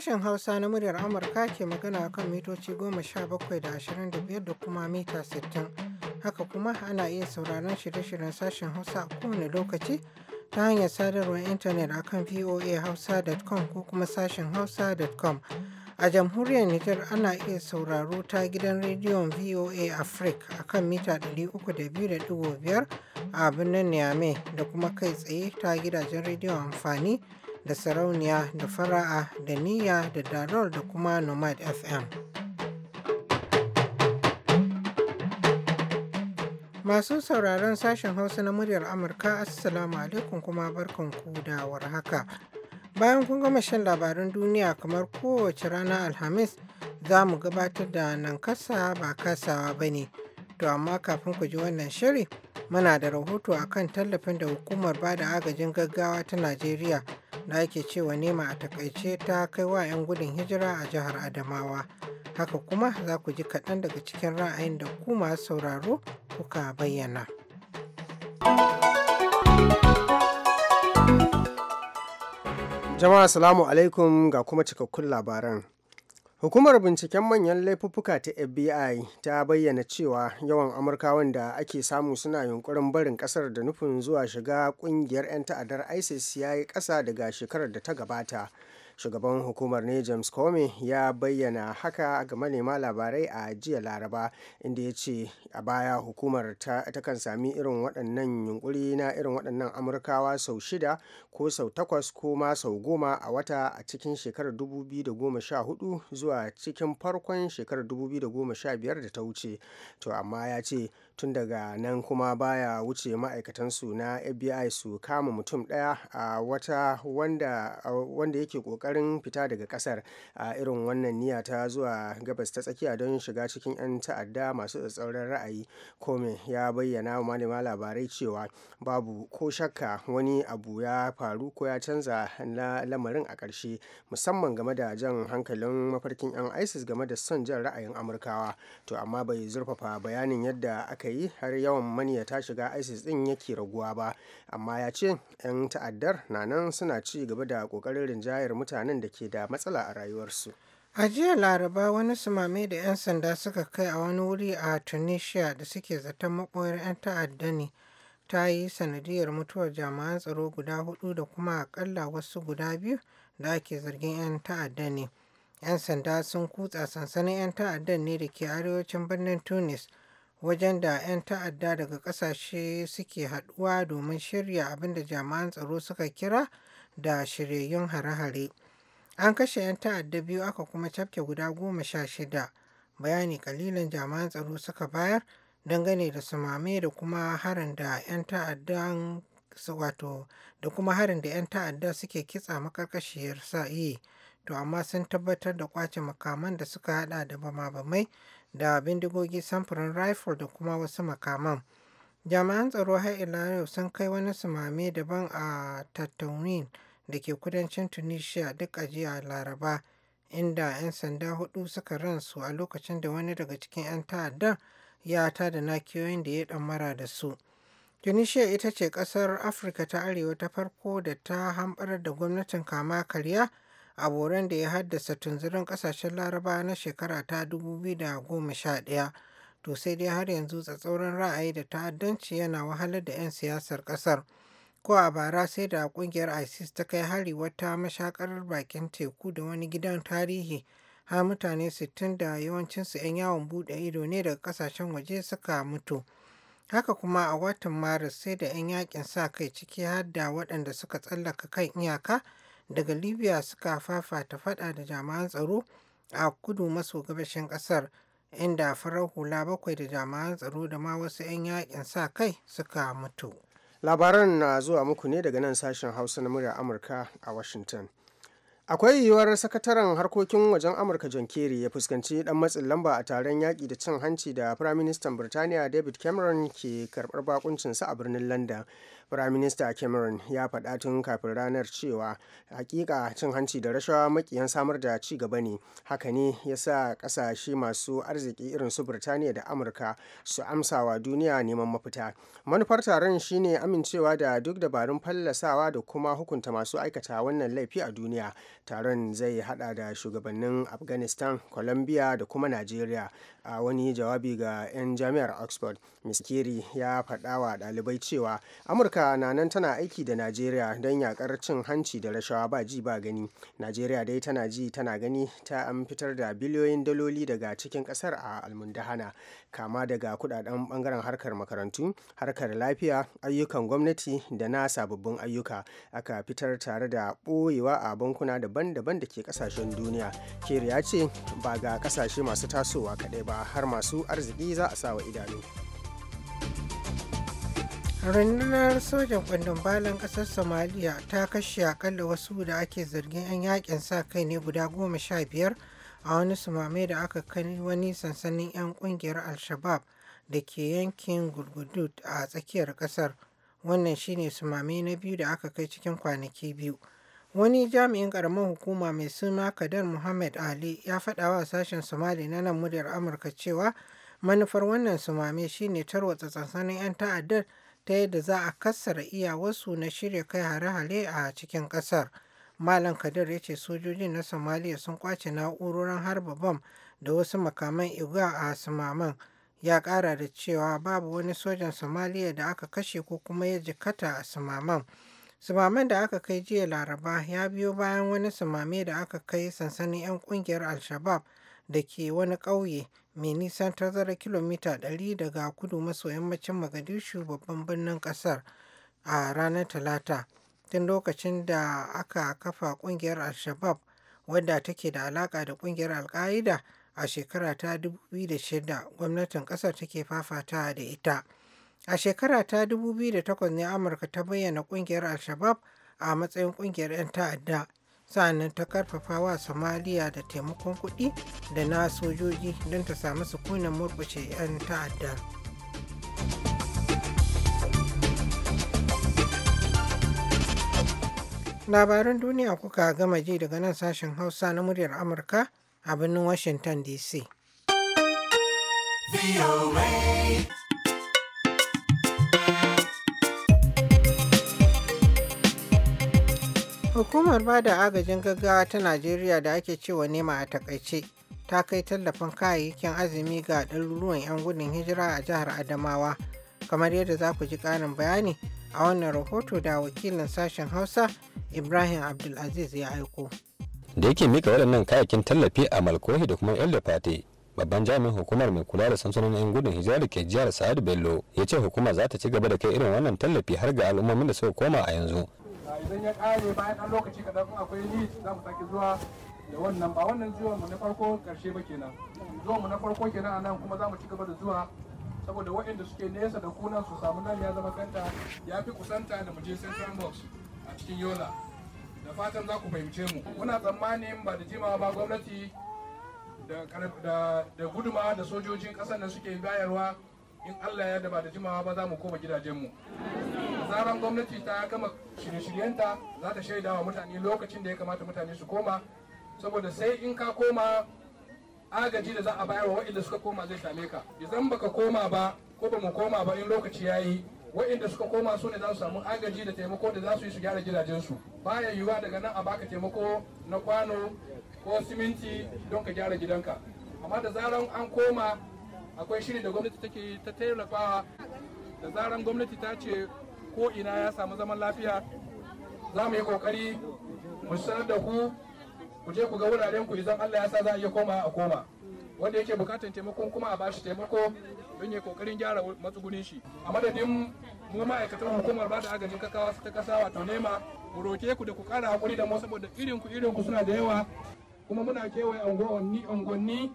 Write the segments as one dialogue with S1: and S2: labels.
S1: Sashen Hausa na muryar Amurka ke magana kan mitoci goma sha bakwai da ashirin da biyar da kuma mita sittin. Haka kuma ana iya sauraron shirye-shiryen sashen Hausa a kowane lokaci ta hanyar sadarwar intanet akan voahausa.com ko kuma sashen hausa.com. A jamhuriyar Nijar ana iya sauraro ta gidan rediyon VOA Africa a kan mita biyar a birnin Niamey da kuma kai tsaye ta gidajen rediyon amfani da sarauniya da fara'a da niyya da darol da kuma nomad fm masu sauraron sashen hausa na muryar amurka assalamu alaikum kuma barkanku da warhaka bayan kun gama shan labarin duniya kamar kowace rana alhamis za mu gabatar da nan kasa ba kasawa ba ne to amma kafin ku ji wannan shiri muna da rahoto a kan tallafin da hukumar ba da agajin gaggawa ta najeriya da ake cewa nema a takaice ta kai wa 'yan gudun hijira a jihar adamawa haka kuma za ku ji kaɗan daga cikin ra'ayin da ku sauraro kuka bayyana
S2: jama'a salamu alaikum ga kuma cikakkun labaran Hukumar binciken manyan laifuffuka ta FBI ta bayyana cewa yawan Amurkawan da ake samu suna yunkurin barin kasar da nufin zuwa shiga kungiyar 'yan ta'adar ISIS ya yi ƙasa daga shekarar da ta gabata. shugaban hukumar ne james comey ya bayyana haka ga manema labarai a jiya laraba inda ya ce a baya hukumar ta, kan sami irin waɗannan yunkuri na irin waɗannan amurkawa sau shida ko sau takwas ko ma sau goma a wata a cikin shekarar 2014 zuwa cikin farkon shekarar 2015 da ta wuce to amma ya ce tun daga nan kuma baya wuce ma'aikatansu na fbi su kama mutum daya a wata wanda, yake kokarin fita daga kasar a irin wannan niyya ta zuwa gabas ta tsakiya don shiga cikin 'yan ta'adda masu tsatsauran ra'ayi kome ya bayyana wa malama labarai cewa babu ko shakka wani abu ya faru ko ya canza na lamarin a ƙarshe musamman game da jan hankalin mafarkin 'yan isis game da son jan ra'ayin amurkawa to amma bai zurfafa bayanin yadda aka yi har yawan ta shiga isis din yake raguwa ba amma ya ce 'yan ta'addar na nan suna ci gaba da ƙoƙarin rinjayar mutanen da ke da matsala a rayuwarsu
S1: a jiya laraba wani sumame da 'yan sanda suka kai a wani wuri a tunisia da suke zaton maɓoyar 'yan ta'adda ne ta yi sanadiyar mutuwar jami'an tsaro guda hudu da kuma akalla wasu guda biyu da ake zargin 'yan ta'adda ne 'yan sanda sun kutsa sansanin 'yan ta'addan ne da ke arewacin birnin tunis wajen da 'yan ta'adda daga ƙasashe suke haɗuwa domin shirya abin da jami'an tsaro suka kira da shiryayyun hare-hare. An kashe 'yan ta'adda biyu aka kuma cafke guda goma sha shida. Bayani kalilan jami'an tsaro suka bayar dangane da sumame da kuma harin da 'yan ta'addan wato da kuma harin da 'yan ta'adda suke kitsa makarkashiyar sa'i to amma sun tabbatar da kwace makaman da suka hada da bama-bamai da bindigogi samfurin rifle da kuma wasu makaman jami'an tsaro har ila yau sun kai wani sumame daban a tattaunin da ke kudancin tunisia duk a jiya laraba inda 'yan sanda hudu suka ransu a lokacin da wani daga cikin 'yan ta'addan ya ta da nakiyoyin da ya damara da su tunisia ita ce kasar afirka ta arewa ta farko da ta hambar da gwamnatin kama karya a da ya haddasa tunzuran kasashen laraba na shekara ta 2011 to sai dai har yanzu tsatsauran ra'ayi da ta'addanci yana wahalar da 'yan siyasar kasar ko a bara sai da kungiyar isis ta kai hari wata mashakar bakin teku da wani gidan tarihi har mutane 60 da yawancinsu 'yan yawon bude ido ne daga kasashen waje suka mutu haka kuma a watan maris sai da 'yan yakin sa kai ciki har da waɗanda suka tsallaka kan iyaka daga libya suka fafata fada da jami'an tsaro a kudu maso gabashin kasar inda farar hula bakwai da jami'an tsaro da ma wasu 'yan yakin sa kai suka mutu
S2: labaran na zuwa muku ne daga nan sashen hausa na murya amurka a washington akwai yiwuwar sakataren harkokin wajen amurka john kerry ya fuskanci dan matsin lamba a taron yaƙi da cin hanci da firaministan birtaniya david cameron ke karɓar bakuncinsa a birnin london firaminista cameron ya faɗa tun kafin ranar cewa hakika cin hanci da rashawa makiyan samar da ci gaba ne haka ne ya sa ƙasashe masu arziki irin su birtaniya da amurka su amsawa duniya neman mafita manufar taron shine amincewa da duk dabarun fallasawa da kuma hukunta masu aikata wannan laifi a duniya taron zai hada da shugabannin afghanistan colombia da kuma nigeria a wani jawabi ga 'yan jami'ar oxford ms kiri ya faɗa wa ɗalibai cewa amurka na nan tana aiki da nigeria don yakar cin hanci da rashawa ba ji ba gani nigeria dai tana ji tana gani ta an fitar da biliyoyin daloli daga cikin ƙasar a almundahana kama daga kudaden bangaren harkar makarantu harkar lafiya ayyukan gwamnati da na sababbin ayyuka aka fitar tare da boyewa a bankuna daban-daban da ke kasashen duniya ker ya ce ba ga kasashe masu tasowa kadai ba har masu arziki za a sawa idanu
S1: rundunar sojan kundin balan kasar somaliya ta kashe akalla wasu da ake zargin 'yan yakin sa kai ne guda goma sha biyar a wani sumame da aka kai wani sansanin 'yan kungiyar al-shabab da ke yankin gurgudu a tsakiyar kasar wannan shine sumame na biyu da aka kai cikin kwanaki biyu wani jami'in karamin hukuma mai suna kadar muhammad ali ya faɗa wa sashen somali na nan muryar amurka cewa manufar wannan sumame shine tarwatsa sansanin 'yan ta'addar ta yadda za a kassara wasu na shirya kai hare-hare a cikin kasar. Malam Kadir ya ce sojojin na Somalia sun kwace na'urorin harba bam da wasu makaman iga a Sumaman ya ƙara da cewa babu wani sojan Somalia da aka kashe ko kuma ya jikata a Sumaman. Sumaman da aka kai jiya Laraba ya biyo bayan wani sumame da aka kai sansanin 'yan ƙungiyar Al-Shabab da ke wani ƙauye mai nisan tazara kilomita 100 daga kudu maso yammacin Magadishu babban birnin ƙasar a ranar Talata. tun lokacin da aka kafa ƙungiyar al-shabab wadda take da alaƙa da ƙungiyar al-qaida a shekara ta 2006 gwamnatin ƙasar take fafata da ita a shekara ta 2008 ne amurka ta bayyana ƙungiyar al-shabab a matsayin ƙungiyar 'yan ta'adda sa'annan ta karfafa wa somaliya da taimakon kuɗi da na sojoji don ta samu sukunin murkushe 'yan ta'adda. labaran duniya kuka gama ji daga nan sashen hausa na muryar amurka a birnin washington dc hukumar bada agajin gaggawa ta najeriya da ake cewa nema a takaice ta kai tallafin kayayyakin azumi ga ɗaruruwan 'yan gudun hijira a jihar adamawa kamar yadda za ku ji ƙarin bayani a wannan rahoto da wakilin sashen hausa Ibrahim Abdulaziz ya aiko.
S3: Da yake mika waɗannan kayakin tallafi a Malkohi da kuma 'yan Fate, babban jami'in hukumar mai kula da sansanonin 'yan gudun hijira da ke jihar Sa'ad Bello ya ce hukuma za ta ci gaba da kai irin wannan tallafi har ga al'ummomin da suka koma a yanzu.
S4: Idan ya kare bayan ɗan lokaci kaɗan akwai ni za mu sake zuwa da wannan ba wannan zuwan mu na farko karshe ba kenan. Zuwan mu na farko kenan a kuma za mu ci gaba da zuwa saboda waɗanda suke nesa da kunan su samu nan ya zama kanta ya fi kusanta da mu je central box. a cikin yola da fatan za ku fahimce mu muna tsammanin ba da jimawa ba gwamnati da guduma da sojojin ƙasar nan suke bayarwa in allah ya da ba da jimawa ba za mu koma gidajenmu zaran gwamnati ta gama shirye-shiryenta za ta shaida wa mutane lokacin da ya kamata mutane su koma saboda sai in ka koma agaji da za a bayarwa wa suka koma zai same ka idan baka koma ba ko ba mu koma ba in lokaci ya yi wa'inda suka koma su ne za su samu agaji da taimako da za su yi su gyara gidajensu baya yiwuwa daga nan a baka taimako na kwano ko siminti don ka gyara gidanka amma da zaran an koma akwai shiri da gwamnati take ta tallafawa da zaran gwamnati ta ce ko ina ya samu zaman lafiya za mu yi kokari mu sanar da ku ku je ku ga wuraren ku idan Allah ya sa za a iya koma a koma wanda yake bukatan taimakon kuma a bashi taimako don ya kokarin gyara matsugunin shi a madadin mu ma'aikatan hukumar ba da agajin kakawa ta kasa wato nema ku roke ku da ku kara hakuri da mu saboda irin ku irin ku suna da yawa kuma muna kewaye unguwanni unguwanni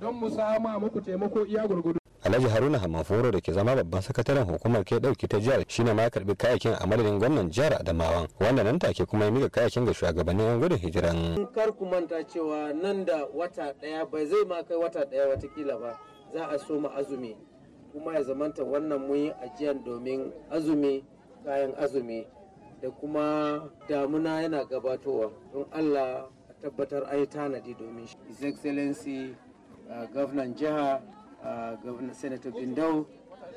S4: don mu sama muku taimako iya gurgudu
S3: Alhaji Haruna Hamaforo da ke zama babban sakataren hukumar ke dauki ta jihar shine ma karbi kayakin a madadin gwamnan jihar Adamawan wanda nan take kuma ya mika kayakin ga shugabannin yan gudun hijiran.
S2: Kar ku manta cewa nan da wata daya bai zai ma kai wata daya watakila ba. za a soma azumi kuma ya zamanta wannan muyi ajiyan domin azumi kayan azumi da kuma damuna yana gabatowa don allah a tabbatar ayi yi tanadi domin shi his excellency uh, jiha uh, senator bindau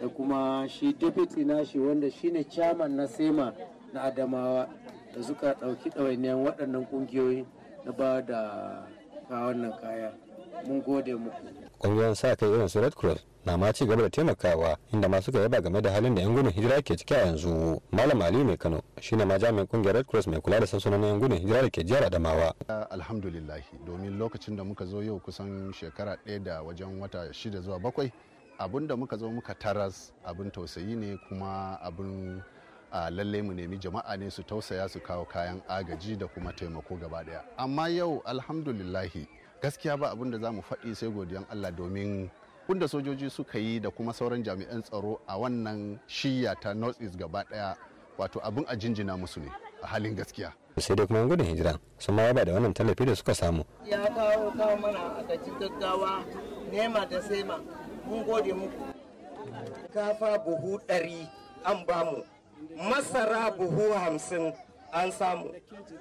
S2: da kuma shi deputy nashi wanda shine chairman na sema na adamawa da suka ɗauki ɗawainiyan waɗannan ƙungiyoyi na ba da kawannan kaya mun gode muku
S3: ƙungiyar sa kai irin su red cross na ma ci gaba da taimakawa inda masu ga yaba game da halin da yan gudun hijira ke ciki a yanzu malam ali mai kano shi ne ma jami'in kungiyar red cross mai kula da sansanonin yan gudun hijira da ke jihar adamawa
S4: ah, alhamdulillah domin lokacin da muka zo yau kusan shekara ɗaya da wajen wata shida zuwa bakwai abun da muka zo muka taras abin tausayi ne kuma abin a lallai mu nemi jama'a ne su tausaya su kawo kayan agaji da kuma taimako gaba ɗaya amma yau alhamdulillahi gaskiya ba abin da za mu faɗi sai godiyan allah domin kunda sojoji suka yi da kuma sauran jami'an tsaro a wannan shiya ta north east gaba daya wato abin a jinjina musu ne a halin gaskiya
S3: sai dai kuma gudun hijira su ma da wannan tallafi da suka samu
S4: ya kawo kawo mana a gaji gaggawa
S2: nema da sema mun gode muku kafa buhu ɗari an bamu masara buhu hamsin an samu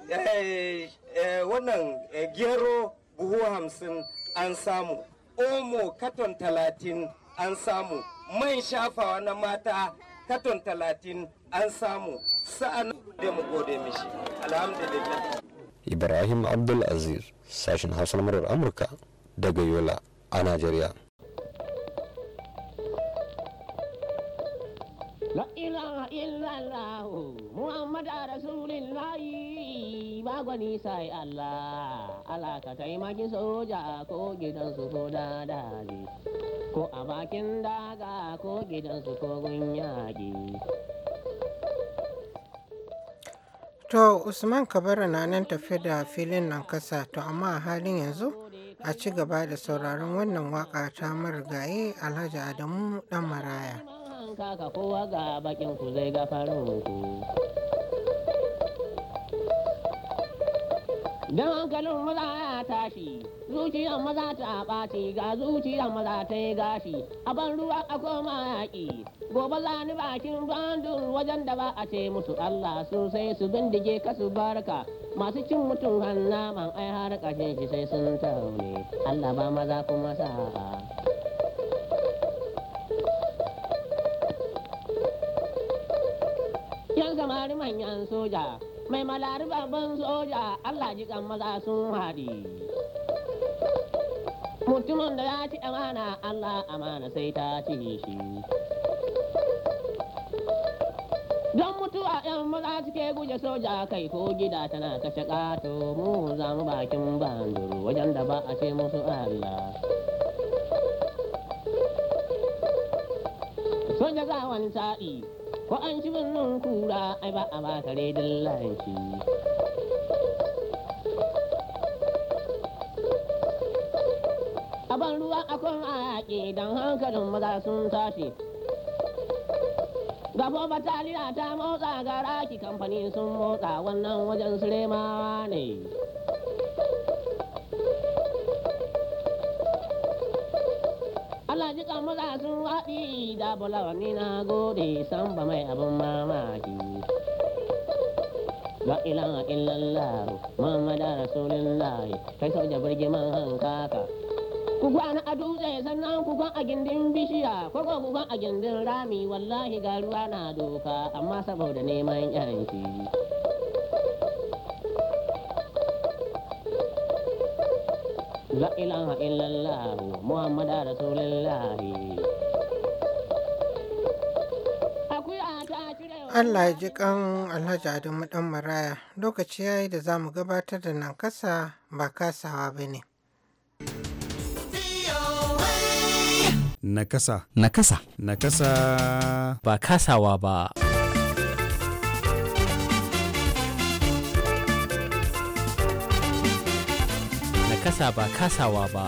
S2: eh, eh, wannan eh, gero buhu hamsin an samu omo katon talatin an samu man shafawa na mata katon talatin an samu sa'an da mu gode mishi alhamdulillah
S3: ibrahim abdulaziz sashen hausa murar amurka daga yola a najeriya
S5: La ilaha illallah Muhammad Rasulullah ba gwani sai Allah Allah ka taimaki soja ko gidan su ko dadali ko a bakin daga ko gidan su ko gunyaki
S1: To Usman Kabara na nan tafi da filin nan kasa to amma a halin yanzu a ci gaba da sauraron wannan waka ta marigaye Alhaji Adamu dan Maraya.
S5: in kaka kowa ga bakin ku zai gafarin ku don hankalin maza ya tashi zuciyar maza ta ɓaci ga zuciyar maza ta yi gashi a ban ruwa a koma yaƙi gobe za ni bakin bandun wajen da ba a ce musu Allah sosai, su bindige ka su barka masu cin mutum hannaman ai har ƙashin shi sai sun taune Allah ba maza kuma sa'a soja manyan soja mai malari babban soja Allah ji kan maza sun haɗi. Mutumin da ya ci amana Allah amana sai ta ci shi. Don mutuwa ‘yan maza suke guje soja kai ko gida tana kashe ƙato mu za mu bakin banduru wajen da ba a ce musu Allah. Soja za wani sa'i. ko an ci birnin kura ai ba a ba kare A aban ruwa akan ayaƙi don hankalin maza sun tashi gabo bataliya ta motsa ga raki kamfani sun motsa wannan wajen siremawa ne masu haɗi da bulawani na gode san ba mai abin mamaki. La ilaha illallah Muhammadu Rasulullah kai birgiman hankaka. Ku na a dutse sannan ku a gindin bishiya ko ku a gindin rami wallahi ga ruwa na doka amma saboda neman yanki. La ilaha illallah Muhammadu Rasulullah
S1: Allah ya ji kan Alhaji Adamu dan Maraya lokaci yayi da zamu gabatar da nan kasa ba kasawa bane.
S2: Nakasa. Nakasa. Nakasa. Ba kasawa
S4: ba. Nakasa ba kasawa ba.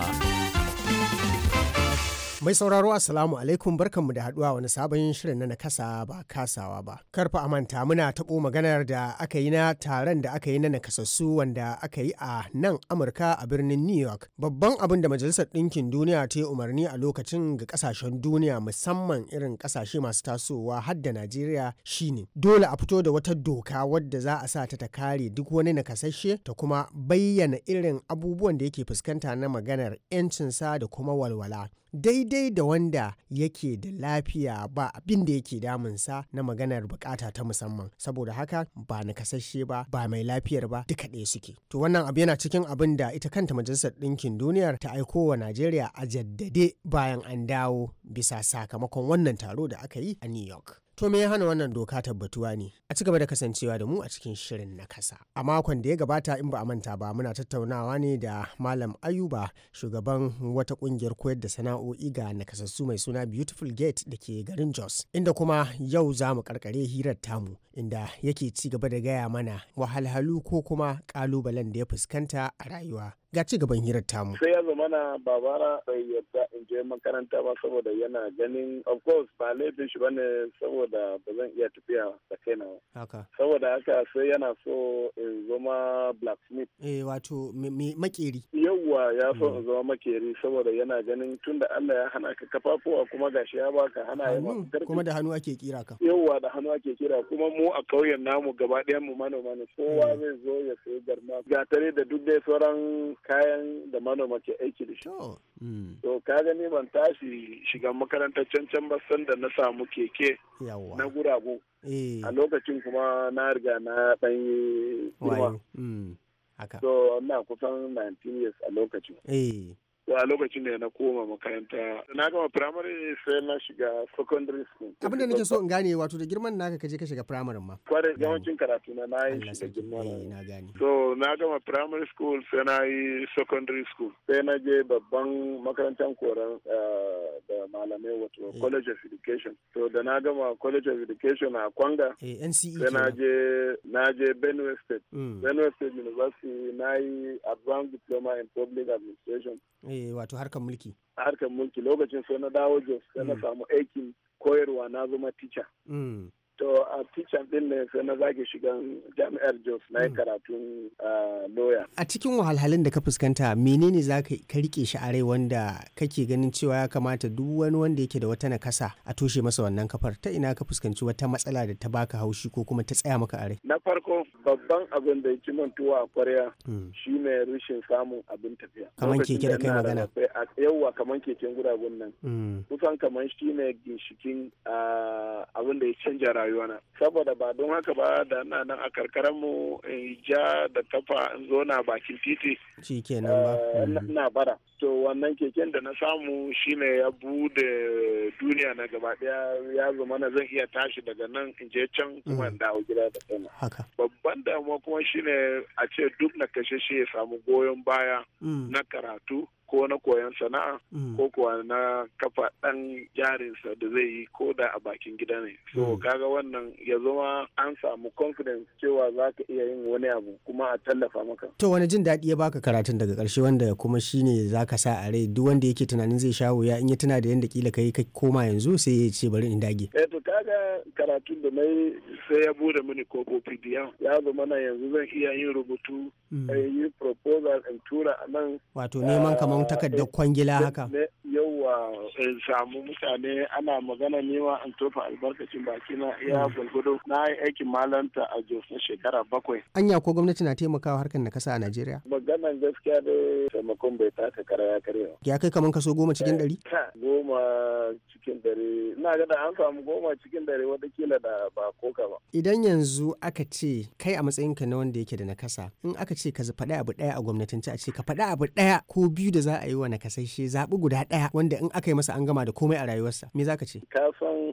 S2: Mai sauraro asalamu alaikum barkanmu da haduwa wani sabon shirin na nakasa ba kasawa ba. Karfa amanta muna taɓo maganar da aka yi na taron da aka yi na nakasassu wanda aka yi a nan Amurka a birnin New York. Babban abin da Majalisar Ɗinkin Duniya ta yi umarni a lokacin ga ƙasashen duniya musamman irin ƙasashe masu tasowa har da Najeriya shine dole a fito da wata doka wadda za a sa ta ta kare duk wani nakasasshe ta kuma bayyana irin abubuwan da yake fuskanta na maganar 'yancinsa da kuma walwala. daidai da wanda yake da lafiya ba abin da yake damunsa na maganar bukata ta musamman saboda haka ba nakasashe ba ba mai lafiyar ba duka ɗaya suke to wannan abu yana cikin abin da ita kanta majalisar ɗinkin duniyar ta aiko wa najeriya a jaddade bayan an dawo bisa sakamakon wannan taro da aka yi a new york To me ya hana wannan doka tabbatuwa ne? A ci gaba da kasancewa da mu a cikin shirin na kasa. A makon da ya gabata in ba a manta ba muna tattaunawa ne da Malam Ayuba shugaban wata kungiyar koyar da sana'o'i ga nakasassu mai suna Beautiful Gate da ke garin Jos. Inda kuma yau za mu karkare hirar tamu inda yake ci gaba da gaya mana wahalhalu ko kuma kalubalen da ya fuskanta a rayuwa ga ci gaban hirar tamu.
S6: Sai ya zama na babara bai yadda in je makaranta ba saboda yana ganin of course ba laifin shi bane saboda ba zan iya tafiya da kaina ba. Haka. Saboda haka sai yana so in zama
S2: blacksmith. Eh wato makeri.
S6: Yawwa ya so mm. in zama makeri saboda yana ganin tunda Allah ya hana ka kafafuwa kuma gashi ya baka hana ya
S2: ba. Kuma da hannu ake kira ka.
S6: Yawwa da hannu ake kira kuma mu a ƙauyen namu gaba ɗayan mu manoma ne kowa mm. zai zo ya sayi garma gatare da duk dai sauran kayan da manoma ke aiki da shi. To hmm. ka gani ban tashi shiga makarantar cancan ba da na samu keke na guragu. Eh. A lokacin kuma na riga na ɗan yi hmm. Haka. So, na kusan 19 years a lokacin. Eh. a lokacin da na koma makaranta na gama primary sai na shiga secondary school
S2: abinda nake so in gane wato da girman naka kaje ka shiga primary ma
S6: kwarai yawancin karatu na na yi shiga da girman eh, na gane so na gama primary school sai na yi secondary school sai na je babban makarantar koran eh, da malamai wato eh. college of education so da na gama college of education a kwanga
S2: e sai na
S6: je na je benue state mm. benue state university na yi advanced diploma in public administration
S2: wato harkar mulki
S6: harkar mulki lokacin sai na dawo jos sai na mm. samu aikin koyarwa na zama tica To a tichan ɗin ne sai na zage shigan jami'ar Jos na yi hmm. karatun
S2: loya. A cikin wahalhalun da ka fuskanta menene za ka rike shi a wanda kake ganin cewa ya kamata duk wani wanda yake da wata nakasa a toshe masa wannan kafar ta ina ka fuskanci wata matsala da ta baka haushi ko kuma ta tsaya maka a rai.
S6: Na farko babban abin da yake mantuwa a kwarya hmm. shine rashin samun abin tafiya. Kaman keke da kai magana. Yawwa kaman keken guragun nan. Hmm. Kusan kaman shine ginshikin abin da ya canja rayuwa. rayuwana saboda ba don haka ba da ina nan a karkarar mu in ja da kafa in zo na bakin titi
S2: shi kenan ba
S6: eh, na bara to wannan keken da na samu shine ya bude duniya na gaba daya ya zama na zan iya tashi daga nan in je can kuma mm. in dawo gida da kaina babban damuwa kuma shine a ce duk na kashe shi ya samu goyon baya mm. na karatu ko na koyon sana'a
S7: mm.
S8: ko
S6: kuwa na kafa ɗan jarinsa da zai yi ko da a bakin gida ne so mm. kaga wannan ya zama an samu confidence cewa za ka iya yin wani abu kuma a
S2: tallafa maka to wani jin daɗi ya baka karatun daga ƙarshe wanda kuma shine za ka sa a rai duk wanda yake tunanin zai shawo ya in ya tuna da yadda kila ka yi ka koma yanzu sai ya ce bari in dage
S6: eh to kaga karatun da yi sai ya bude mini kofofi ya zama na yanzu zan iya yin rubutu mm. eh, yi proposal in tura a nan
S2: wato neman kamar kamar takardar kwangila haka
S6: yauwa samu mutane ana magana nema an tofa albarkacin baki na iya hmm. gwalgwado na yi aikin malanta a jos shekara bakwai
S2: anya ko gwamnati na taimakawa harkar na kasa a najeriya
S6: maganan gaskiya da taimakon bai taka kara ya karewa.
S2: ya kai kamar kaso goma cikin dari
S6: eh, goma cikin dare, ina ga da an samu goma cikin dari watakila
S2: da ba koka ba idan yanzu aka ce kai a matsayinka na wanda yake da na kasa, in aka ce ka faɗi abu ɗaya a gwamnatin ci a ce ka faɗi abu ɗaya ko biyu da za a yi wa nakasashe zaɓi guda ɗaya wanda in aka yi masa an gama da komai a rayuwarsa me za ka ce
S6: ka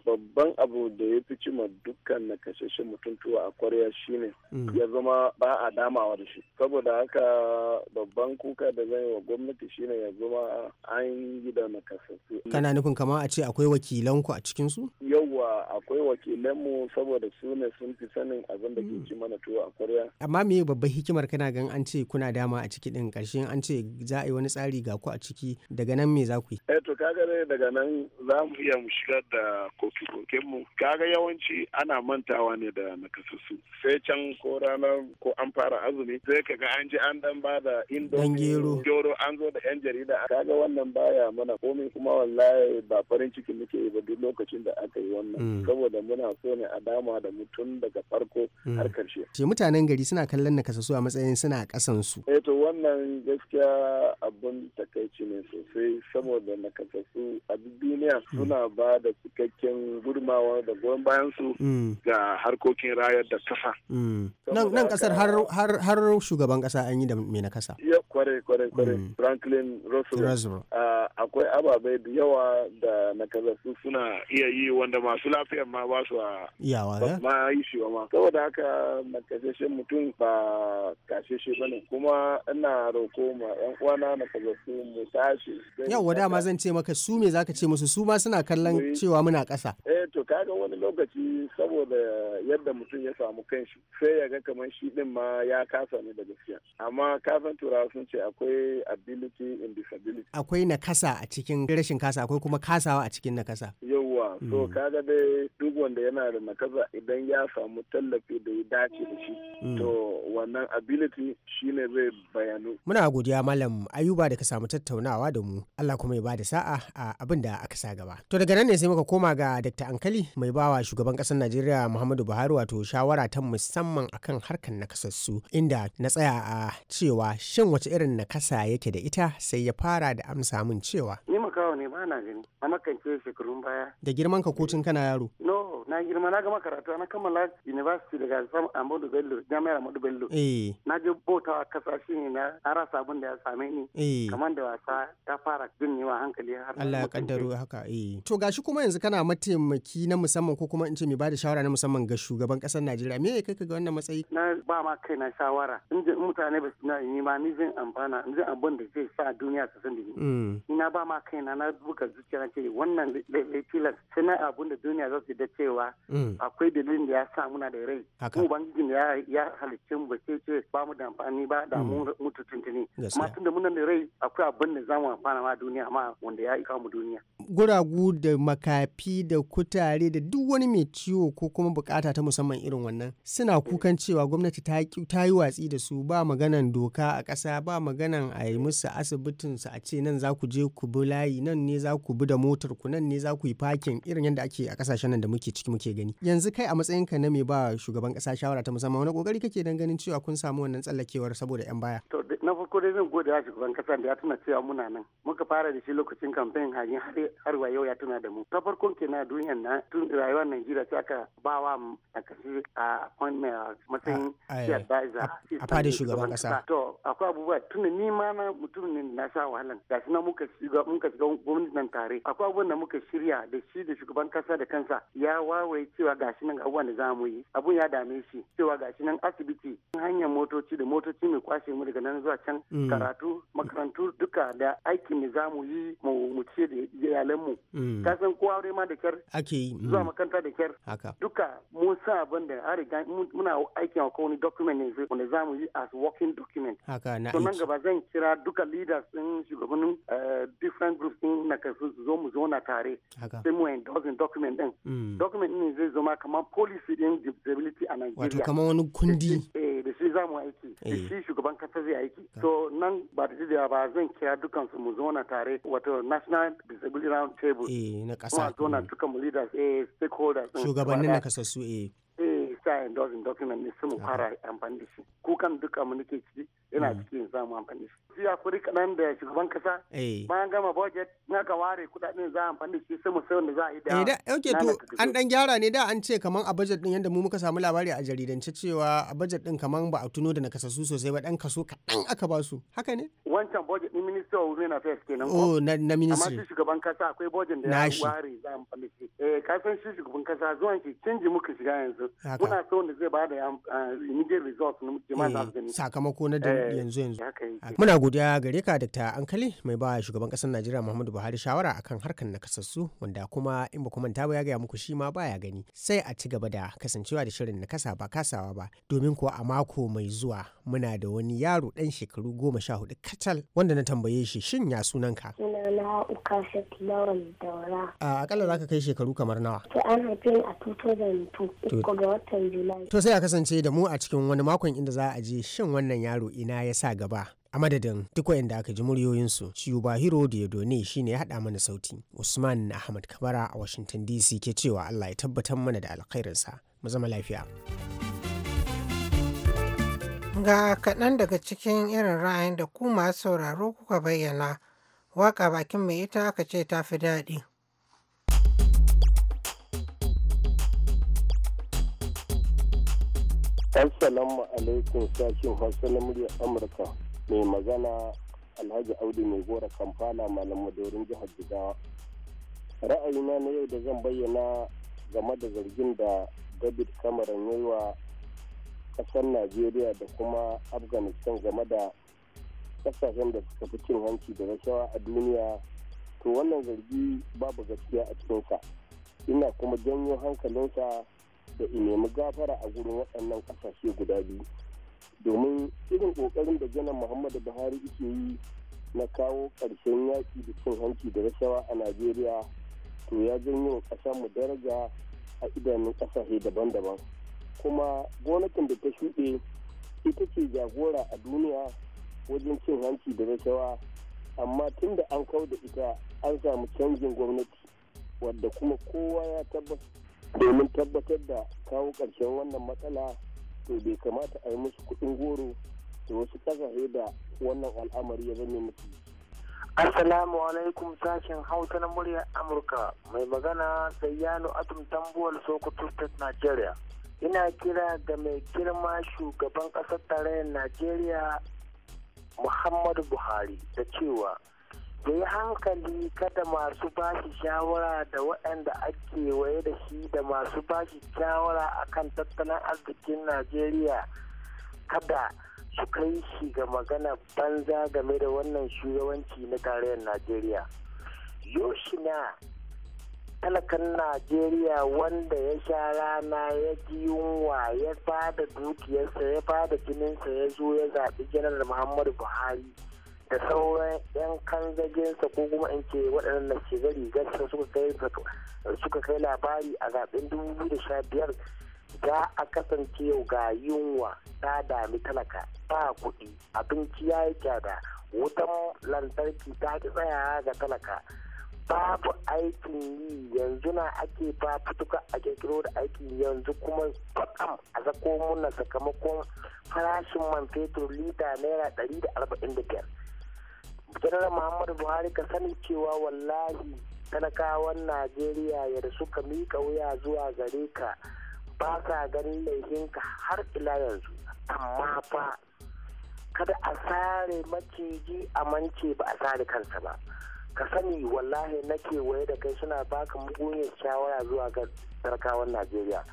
S6: babban abu da ya fi cima dukkan nakasashe mutum tuwa a kwarya shine mm. ya zama ba a damawa da shi saboda haka babban kuka da zan yi wa gwamnati shine ya zama an yi da nakasashe kana nufin
S2: kama a ce akwai wakilanku a cikin su
S6: yawwa akwai wakilanmu saboda su ne sun fi sanin abin da ke mm. ci mana tuwo a kwarya
S2: amma me babban hikimar kana gan an ce kuna dama a ciki din ƙarshen an ce za a yi wani tsari ga ku a ciki daga nan me za ku yi
S6: eh to kaga ne daga nan za mu iya mu shigar da koke mu kaga yawanci ana mantawa ne da nakasassu sai can ko ranar ko an fara azumi sai kaga an ji an dan bada indomi gero an zo da yan jarida kaga wannan baya mana komai kuma wallahi ba farin ciki muke yi ba duk lokacin da aka yi wannan mm. saboda muna so ne a dama da mutum daga farko mm. har karshe ce
S2: mutanen gari suna kallon nakasassu a matsayin suna kasan su
S6: eh to wannan gaskiya abun takaici ne sosai saboda nakasassu a duk duniya suna mm. ba da cikakken gudunmawa da goyon bayan su mm. ga harkokin rayar da kasa.
S2: Mm. Nan kasar har shugaban kasa an yi da mai nakasa.
S6: kware-kware kwarai mm. franklin roosevelt ah, akwai ababe da yawa da nakasassu suna iya yi wanda masu lafiyar ma ba su
S2: eh?
S6: ma yi shi ma saboda haka nakasashen mutum ba kasheshe ba ne kuma ina roko ma yan uwana nakasassu mu tashi yawa dama
S2: zan ce maka su me zaka ce musu su ma suna kallon cewa muna kasa.
S6: eh to kaga wani lokaci saboda yadda mutum ya samu kanshi sai ya ga kamar shi din ma ya kasa ne da gaskiya amma kafin turawa sun ce akwai ability in disability
S2: akwai nakasa a cikin rashin kasa akwai kuma kasawa a cikin nakasa
S6: yau abubuwa so mm. kaga dai duk wanda yana da nakaza idan ya samu tallafi da ya dace da shi mm. to wannan ability shine zai bayanu
S2: muna godiya malam ayuba da ka samu tattaunawa da mu Allah kuma ya bada sa'a a abin da aka sa gaba to daga nan ne sai muka koma ga Dr. Ankali mai bawa shugaban kasar Najeriya Muhammadu Buhari wato shawara ta musamman akan harkar nakasassu inda na tsaya a cewa shin wace irin nakasa yake da ita sai ya fara da amsa mun cewa
S9: ni
S7: makawa ne ba na gani a makance shekarun baya
S2: da girman ka kotun kana yaro
S7: no na girma na gama karatu na kammala university daga Alfam Ahmadu Bello Jami'ar Ahmadu Bello eh. na je bautawa kasashe ne na ara sabon da ya same ni eh. kamar da wasa ta fara jinnewa hankali har Allah ya kaddaro
S2: haka eh to gashi kuma yanzu kana mataimaki na musamman ko kuma in ce mai bada shawara na musamman ga shugaban kasar Najeriya me ya kai ka ga wannan matsayi
S7: na ba ma kai na shawara in mutane ba su na yi ma ni zan amfana in zan abin da zai sa duniya ta san da ni mm. ina ba ma kai na na buga zuciya na ce wannan laifin na abun da duniya za su da cewa mm. akwai dalilin da ya sa muna da rai ko ubangijin ya ya halicce mu ba sai ce ba mu da amfani ba da mm. mu mutu tuntuni amma tunda muna da rai akwai abun da za amfana ma duniya amma wanda ya kawo mu duniya
S2: guragu da makafi da kutare da duk wani mai ciwo ko kuma bukata ta musamman irin wannan suna mm. kukan cewa gwamnati ta ta yi watsi da su ba maganan doka a ƙasa ba maganan a yi musu asibitin a ce nan za ku je ku bi layi nan ne za ku bi da motar ku nan ne za ku yi faki aikin irin yadda ake a kasashen nan da muke ciki muke gani yanzu kai a matsayinka na mai ba shugaban kasa shawara ta musamman wani kokari kake dan ganin cewa kun samu wannan tsallakewar saboda yan baya
S7: to na farko dai zan gode shugaban kasa da ya tuna cewa muna nan muka fara da shi lokacin kamfen hanyar har wa yau ya tuna da mu ta farkon kenan duniyar na tun rayuwar Najeriya sai aka bawa a kashi a matsayin advisor
S2: a fadin shugaban kasa
S7: to akwai abubuwa tun ni ma na mutum ne na sha wahalan gashi na muka shiga muka shiga gwamnatin tare akwai abubuwan da muka shirya da shi shi da shugaban kasa da kansa ya wawaye cewa gashi nan abubuwan da za mu yi abun ya dame shi cewa gashi nan asibiti hanyar motoci da motoci mai kwashe mu daga nan zuwa can mm. karatu makarantu duka da aiki da za mu yi mu ce da mu mm. ka san kowa aure ma da kyar
S2: ake yi mm. zuwa makaranta
S7: da kyar duka mun sa abin da har riga muna aikin a kowani document ne wanda za mu yi as working document haka na nan gaba zan kira duka leaders din shugabannin eh, different groups din na kasu zo mu zo na tare sai mu wayan document din mm. document din zai zama kamar policy din disability a Nigeria wato kamar wani kundi eh da shi za mu aiki da shi shugaban kasa zai aiki to ah. nan ba da jiya ba zan kira dukan su mu zauna tare wato national disability round table eh na kasa mu zauna mm. dukan mu leaders eh stakeholders shugabannin na
S2: kasa su eh.
S7: eh sa endorsing document ne sun ah. fara amfani da shi kukan duka mu nake ciki yana mm. cikin zamu amfani da shi jiya kuri kaɗan da shugaban kasa eh. bayan gama budget na ga ware kuɗaɗen za a amfani shi sai mu sai wanda za a yi da eh, ok to
S2: an dan gyara ne da an ce kaman a budget din yadda mu muka samu labari a jaridance cewa a budget din kaman ba a tuno da nakasassu sosai ba dan kaso kaɗan aka ba su
S7: haka ne wancan budget din minister of women affairs kenan oh na na ministry amma shugaban kasa akwai budget da ya ware za a amfani da shi eh kafin shi shugaban kasa zuwan shi canji muka shiga yanzu muna so wanda zai ba da eh, immediate results na jama'a sakamako
S2: na yanzu yanzu muna godiya gare ka Dr. Ankali mai ba shugaban kasar Najeriya Muhammadu Buhari shawara akan harkar nakasassu wanda kuma in ba manta ba ya gaya muku shi ma baya gani sai a ci gaba da kasancewa da shirin nakasa ba kasawa ba domin kuwa a mako mai zuwa muna da wani yaro dan shekaru goma sha hudu kacal wanda na tambaye shi shin ya sunanka.
S9: Sunana Uka Daura.
S2: A akalla za ka kai shekaru kamar nawa.
S9: To an haife a 2002 ga watan Julai.
S8: To sai a
S2: kasance da mu a cikin wani makon inda za a je shin wannan yaro ina ya sa gaba a madadin duk wayanda aka ji muryoyinsu ciyuba hiro da ya done ne ya haɗa mana sauti usman ahmad kabara a washington dc ke cewa allah ya tabbatar mana da alkhairinsa
S1: mu zama lafiya ga kaɗan daga cikin irin ra'ayin da ku masu sauraro kuka bayyana waka bakin mai ita aka ce ta fi daɗi
S8: Assalamu alaikum sashen Hausa na muryar Amurka. mai magana alhaji audu mai gora kampala malam madorin jihar jigawa ra'ayina na yau da zan bayyana game da zargin da david cameron ya yi wa kasar najeriya da kuma afghanistan game da kasashen da suka fi cin hanci da rashawa a duniya to wannan zargi babu gaskiya a cikinsa ina kuma janyo hankalinsa da nemi gafara a gurin waɗannan ƙasashe guda biyu domin irin kokarin da janar muhammadu buhari ke yi na kawo ƙarshen yaƙi da cin hanci da rashawa a najeriya to ya janyo ƙasar mu daraja a idanun ƙasashe daban-daban kuma gwamnatin da ta shuɗe ita ce jagora a duniya wajen cin hanci da rashawa amma tun da an kawo da ita an samu canjin gwamnati wadda kuma kowa ya tabbatar domin tabbatar da kawo ƙarshen wannan matsala to bai kamata a yi musu kuɗin goro da wasu
S9: ƙasashe da
S8: wannan al'amari ya zama mutum. Assalamu
S9: alaikum sashen hausa na muryar Amurka mai magana Zayyano Atum Tambuwal Sokoto State Nigeria. Ina kira ga mai girma shugaban ƙasar tarayyar nigeria Muhammadu Buhari da cewa ya hankali kada masu bashi shawara da waɗanda ake waye da shi da masu bashi shawara akan tattalin arzikin najeriya kada su kai shi ga magana banza game da wannan shugabanci na tarayyar najeriya yoshina talakan najeriya wanda ya sha rana ya ji yunwa ya bada dukiyarsa ya bada jininsa ya zo ya zaɓi janar muhammadu buhari da sauran yan kanzagensa ko kuma in ce waɗannan ke gari suka kai labari a zaben biyar za a kasance yau ga yunwa ta dami talaka ta kuɗi abinci ya yi kyada wutan lantarki ta ki tsaya ga talaka babu aikin yi yanzu na ake ba fituka a kirkiro da aikin yanzu kuma kwatam a zako muna sakamakon farashin man fetur lita naira 145 Janar Muhammadu Buhari ka sani cewa wallahi talakawan Najeriya yadda suka miƙa wuya zuwa gare ka ba sa ganin laifinka har ila yanzu. Amma fa kada a sare maciji a mance ba a sare kansa ba. Ka sani wallahi na waye da kai suna baka mugunyar shawara zuwa ga talakawan Najeriya.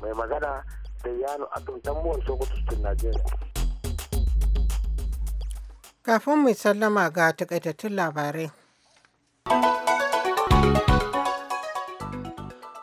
S9: Mai magana da yano a tuntun muwan Sokoto Najeriya.
S1: Kafin mu sallama ga takaitattun labarai.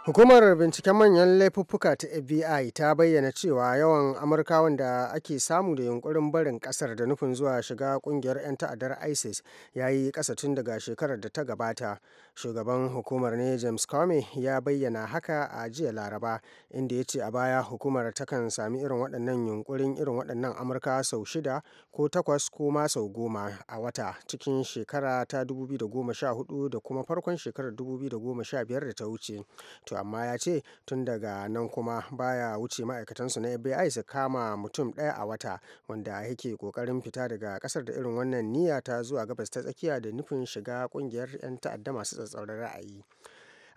S2: Hukumar binciken manyan laifuffuka ta FBI ta bayyana cewa yawan Amurkawan da ake samu da yunkurin barin kasar da nufin zuwa shiga kungiyar 'yan ta'addar ISIS ya yi ƙasa tun daga shekarar da ta gabata. Shugaban hukumar ne James Comey ya bayyana haka a jiya Laraba inda ya ce a baya hukumar ta kan sami irin waɗannan yunkurin irin waɗannan Amurka sau shida ko takwas ko ma sau goma a wata cikin shekara ta 2014 da kuma farkon shekarar 2015 da ta wuce. to amma ya ce tun daga nan kuma baya wuce ma'aikatansu na fbi su kama mutum ɗaya a wata wanda yake ƙoƙarin fita daga ƙasar da irin wannan niyya ta zuwa gabas ta tsakiya da nufin shiga ƙungiyar 'yan ta'adda masu tsatsauran ra'ayi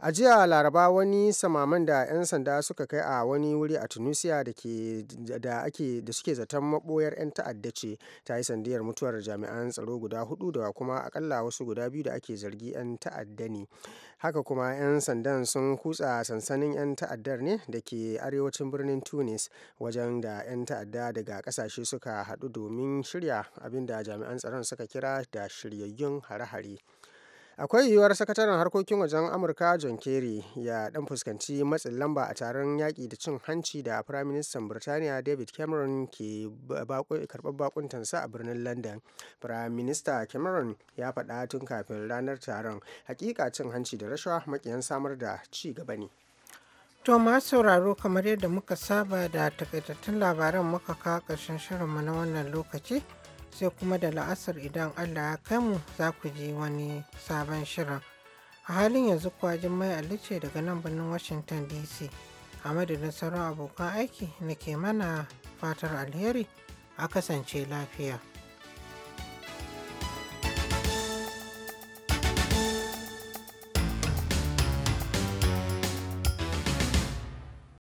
S2: a jiya laraba wani samaman da 'yan sanda suka kai a wani wuri a tunisia da suke zaton maboyar 'yan ta'adda ce ta yi sandiyar mutuwar jami'an tsaro guda hudu da kuma akalla wasu guda biyu da ake zargi 'yan ta'adda ne haka kuma 'yan sandan sun kutsa sansanin 'yan ta'addar ne da ke arewacin birnin tunis wajen da 'yan ta'adda daga kasashe suka haɗu domin shirya abinda jami'an tsaron suka kira da shiryayyun hare-hare akwai yiwuwar sakataren harkokin wajen amurka john kerry ya dan fuskanci matsin lamba a taron yaƙi da cin hanci da firaministan birtaniya david cameron ke karɓar bakuntansa a birnin london firaminista cameron ya faɗa tun kafin ranar taron hakika cin hanci da rashawa makiyan samar da ci gaba ne
S1: To masu sauraro kamar yadda muka saba da takaitattun labaran muka kawo ƙarshen shirinmu na wannan lokaci sai kuma da la'asar idan Allah ya kai mu za ku ji wani sabon shirin. A halin yanzu kuwa Jummai Ali ce daga nan birnin Washington DC. A madadin sauran abokan aiki nake mana fatar alheri a kasance lafiya.